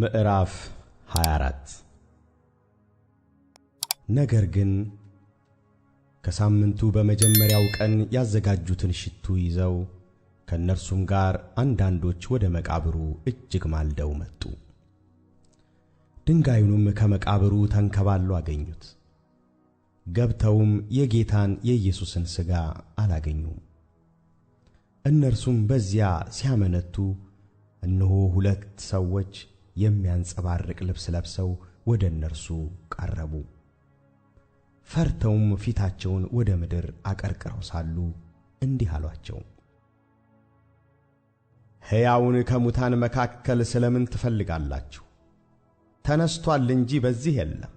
ምዕራፍ 24 ነገር ግን ከሳምንቱ በመጀመሪያው ቀን ያዘጋጁትን ሽቱ ይዘው ከእነርሱም ጋር አንዳንዶች ወደ መቃብሩ እጅግ ማልደው መጡ። ድንጋዩንም ከመቃብሩ ተንከባሎ አገኙት፤ ገብተውም የጌታን የኢየሱስን ሥጋ አላገኙም። እነርሱም በዚያ ሲያመነቱ እነሆ ሁለት ሰዎች የሚያንጸባርቅ ልብስ ለብሰው ወደ እነርሱ ቀረቡ። ፈርተውም ፊታቸውን ወደ ምድር አቀርቅረው ሳሉ እንዲህ አሏቸው፦ ሕያውን ከሙታን መካከል ስለ ምን ትፈልጋላችሁ? ተነስቶአል እንጂ በዚህ የለም።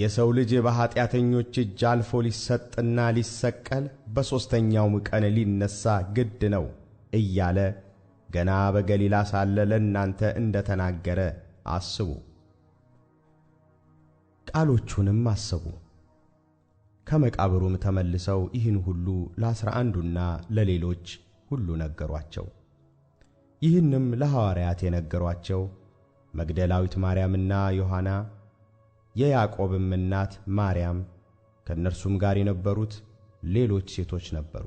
የሰው ልጅ በኀጢአተኞች እጅ አልፎ ሊሰጥና ሊሰቀል በሦስተኛውም ቀን ሊነሣ ግድ ነው እያለ ገና በገሊላ ሳለ ለእናንተ እንደ ተናገረ አስቡ። ቃሎቹንም አሰቡ። ከመቃብሩም ተመልሰው ይህን ሁሉ ለአሥራ አንዱና ለሌሎች ሁሉ ነገሯቸው። ይህንም ለሐዋርያት የነገሯቸው መግደላዊት ማርያምና ዮሐና፣ የያዕቆብም እናት ማርያም፣ ከእነርሱም ጋር የነበሩት ሌሎች ሴቶች ነበሩ።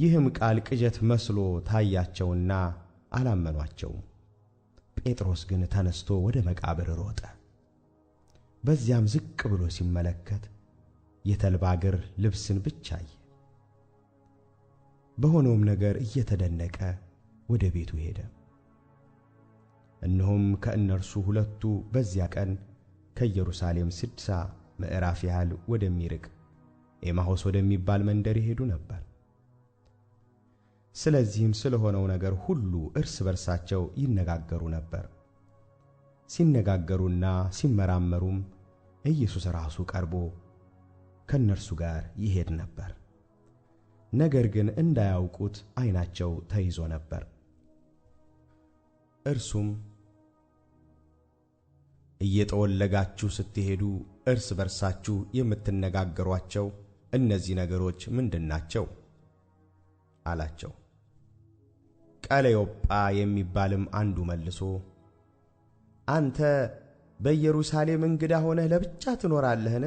ይህም ቃል ቅዠት መስሎ ታያቸውና አላመኗቸውም። ጴጥሮስ ግን ተነስቶ ወደ መቃብር ሮጠ። በዚያም ዝቅ ብሎ ሲመለከት የተልባ እግር ልብስን ብቻ አየ። በሆነውም ነገር እየተደነቀ ወደ ቤቱ ሄደ። እነሆም ከእነርሱ ሁለቱ በዚያ ቀን ከኢየሩሳሌም ስድሳ ምዕራፍ ያህል ወደሚርቅ ኤማሆስ ወደሚባል መንደር ይሄዱ ነበር። ስለዚህም ስለሆነው ነገር ሁሉ እርስ በርሳቸው ይነጋገሩ ነበር። ሲነጋገሩና ሲመራመሩም ኢየሱስ ራሱ ቀርቦ ከእነርሱ ጋር ይሄድ ነበር። ነገር ግን እንዳያውቁት ዐይናቸው ተይዞ ነበር። እርሱም እየጠወለጋችሁ ስትሄዱ እርስ በርሳችሁ የምትነጋገሯቸው እነዚህ ነገሮች ምንድን ናቸው? አላቸው። ቀለዮጳ የሚባልም አንዱ መልሶ አንተ በኢየሩሳሌም እንግዳ ሆነህ ለብቻ ትኖራለህን?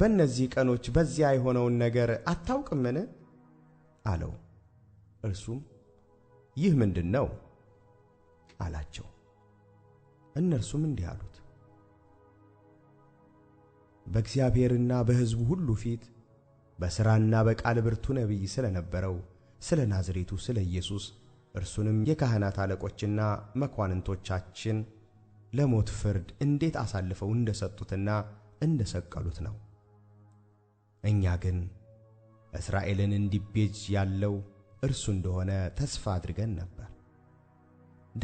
በእነዚህ ቀኖች በዚያ የሆነውን ነገር አታውቅምን? አለው። እርሱም ይህ ምንድን ነው አላቸው። እነርሱም እንዲህ አሉት፣ በእግዚአብሔርና በሕዝቡ ሁሉ ፊት በሥራና በቃል ብርቱ ነቢይ ስለ ነበረው ስለ ናዝሬቱ ስለ ኢየሱስ እርሱንም የካህናት አለቆችና መኳንንቶቻችን ለሞት ፍርድ እንዴት አሳልፈው እንደሰጡትና እንደሰቀሉት ነው። እኛ ግን እስራኤልን እንዲቤዥ ያለው እርሱ እንደሆነ ተስፋ አድርገን ነበር።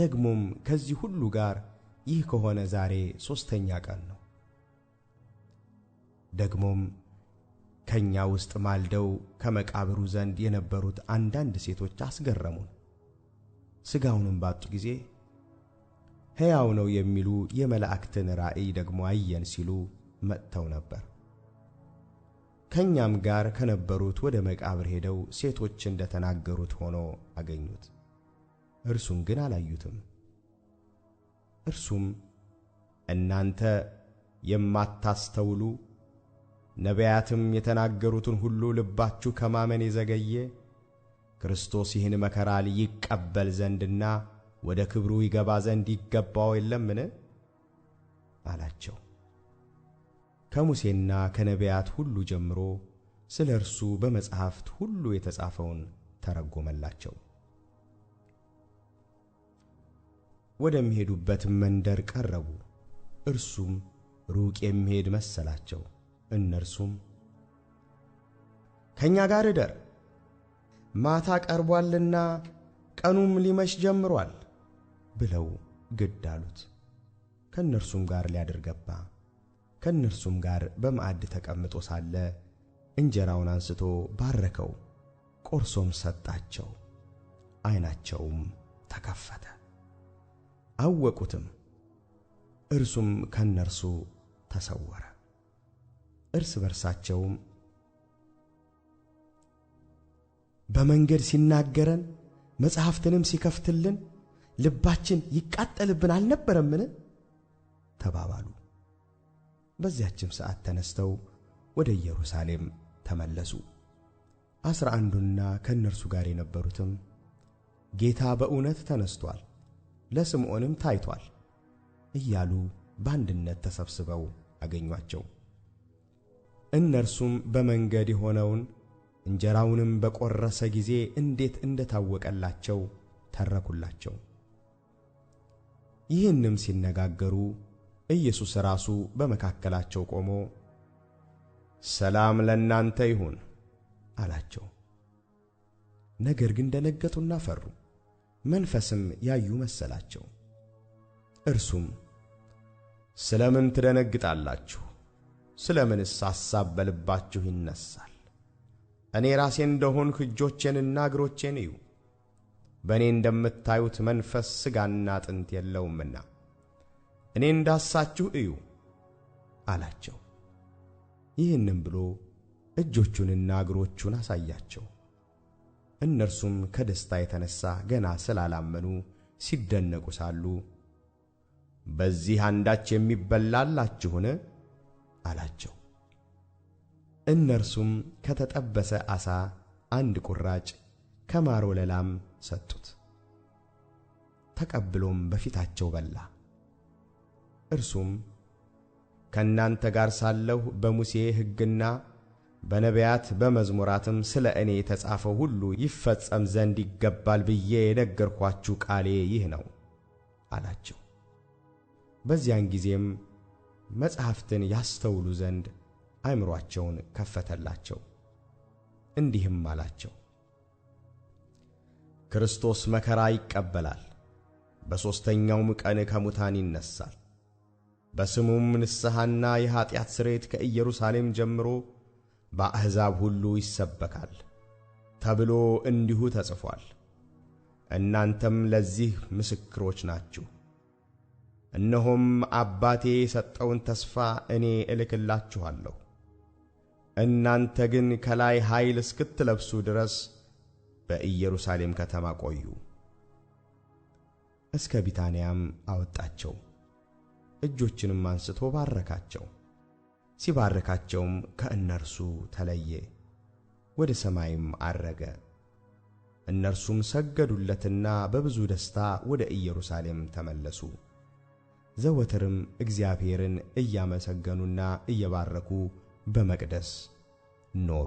ደግሞም ከዚህ ሁሉ ጋር ይህ ከሆነ ዛሬ ሦስተኛ ቀን ነው። ደግሞም ከእኛ ውስጥ ማልደው ከመቃብሩ ዘንድ የነበሩት አንዳንድ ሴቶች አስገረሙን። ሥጋውንም ባጡ ጊዜ ሕያው ነው የሚሉ የመላእክትን ራእይ ደግሞ አየን ሲሉ መጥተው ነበር። ከእኛም ጋር ከነበሩት ወደ መቃብር ሄደው ሴቶች እንደ ተናገሩት ሆኖ አገኙት፤ እርሱን ግን አላዩትም። እርሱም እናንተ የማታስተውሉ ነቢያትም የተናገሩትን ሁሉ ልባችሁ ከማመን የዘገየ ክርስቶስ ይህን መከራ ይቀበል ዘንድና ወደ ክብሩ ይገባ ዘንድ ይገባው የለምን? አላቸው። ከሙሴና ከነቢያት ሁሉ ጀምሮ ስለ እርሱ በመጻሕፍት ሁሉ የተጻፈውን ተረጎመላቸው። ወደሚሄዱበትም መንደር ቀረቡ። እርሱም ሩቅ የሚሄድ መሰላቸው። እነርሱም ከእኛ ጋር እደር፣ ማታ ቀርቧልና ቀኑም ሊመሽ ጀምሯል ብለው ግድ አሉት። ከእነርሱም ጋር ሊያድር ገባ። ከእነርሱም ጋር በማዕድ ተቀምጦ ሳለ እንጀራውን አንስቶ ባረከው፣ ቆርሶም ሰጣቸው። አይናቸውም ተከፈተ፣ አወቁትም፤ እርሱም ከእነርሱ ተሰወረ። እርስ በርሳቸውም በመንገድ ሲናገረን መጽሐፍትንም ሲከፍትልን ልባችን ይቃጠልብን አልነበረምን? ተባባሉ። በዚያችም ሰዓት ተነስተው ወደ ኢየሩሳሌም ተመለሱ። አስራ አንዱና ከእነርሱ ጋር የነበሩትም ጌታ በእውነት ተነስቷል፣ ለስምዖንም ታይቷል እያሉ በአንድነት ተሰብስበው አገኟቸው። እነርሱም በመንገድ የሆነውን እንጀራውንም በቈረሰ ጊዜ እንዴት እንደ ታወቀላቸው ተረኩላቸው። ይህንም ሲነጋገሩ ኢየሱስ ራሱ በመካከላቸው ቆሞ ሰላም ለእናንተ ይሁን አላቸው። ነገር ግን ደነገጡና ፈሩ፣ መንፈስም ያዩ መሰላቸው። እርሱም ስለ ምን ትደነግጣላችሁ ስለ ምንስ ሐሳብ በልባችሁ ይነሳል! እኔ ራሴ እንደሆንኩ እጆቼንና እግሮቼን እዩ። በእኔ እንደምታዩት መንፈስ ሥጋና አጥንት የለውምና እኔ እንዳሳችሁ እዩ አላቸው። ይህንም ብሎ እጆቹንና እግሮቹን አሳያቸው። እነርሱም ከደስታ የተነሣ ገና ስላላመኑ ሲደነቁ ሳሉ በዚህ አንዳች የሚበላ አላችሁን አላቸው። እነርሱም ከተጠበሰ ዓሣ አንድ ቁራጭ ከማር ወለላም ሰጡት። ተቀብሎም በፊታቸው በላ። እርሱም ከእናንተ ጋር ሳለሁ በሙሴ ሕግና በነቢያት በመዝሙራትም ስለ እኔ የተጻፈው ሁሉ ይፈጸም ዘንድ ይገባል ብዬ የነገርኳችሁ ቃሌ ይህ ነው አላቸው። በዚያን ጊዜም መጽሐፍትን ያስተውሉ ዘንድ አእምሮአቸውን ከፈተላቸው። እንዲህም አላቸው፦ ክርስቶስ መከራ ይቀበላል፣ በሦስተኛውም ቀን ከሙታን ይነሣል። በስሙም ንስሐና የኀጢአት ስርየት ከኢየሩሳሌም ጀምሮ በአሕዛብ ሁሉ ይሰበካል ተብሎ እንዲሁ ተጽፏል። እናንተም ለዚህ ምስክሮች ናችሁ። እነሆም አባቴ የሰጠውን ተስፋ እኔ እልክላችኋለሁ። እናንተ ግን ከላይ ኃይል እስክትለብሱ ድረስ በኢየሩሳሌም ከተማ ቆዩ። እስከ ቢታንያም አወጣቸው፣ እጆችንም አንስቶ ባረካቸው። ሲባርካቸውም ከእነርሱ ተለየ፣ ወደ ሰማይም አረገ። እነርሱም ሰገዱለትና በብዙ ደስታ ወደ ኢየሩሳሌም ተመለሱ። ዘወትርም እግዚአብሔርን እያመሰገኑና እየባረኩ በመቅደስ ኖሩ።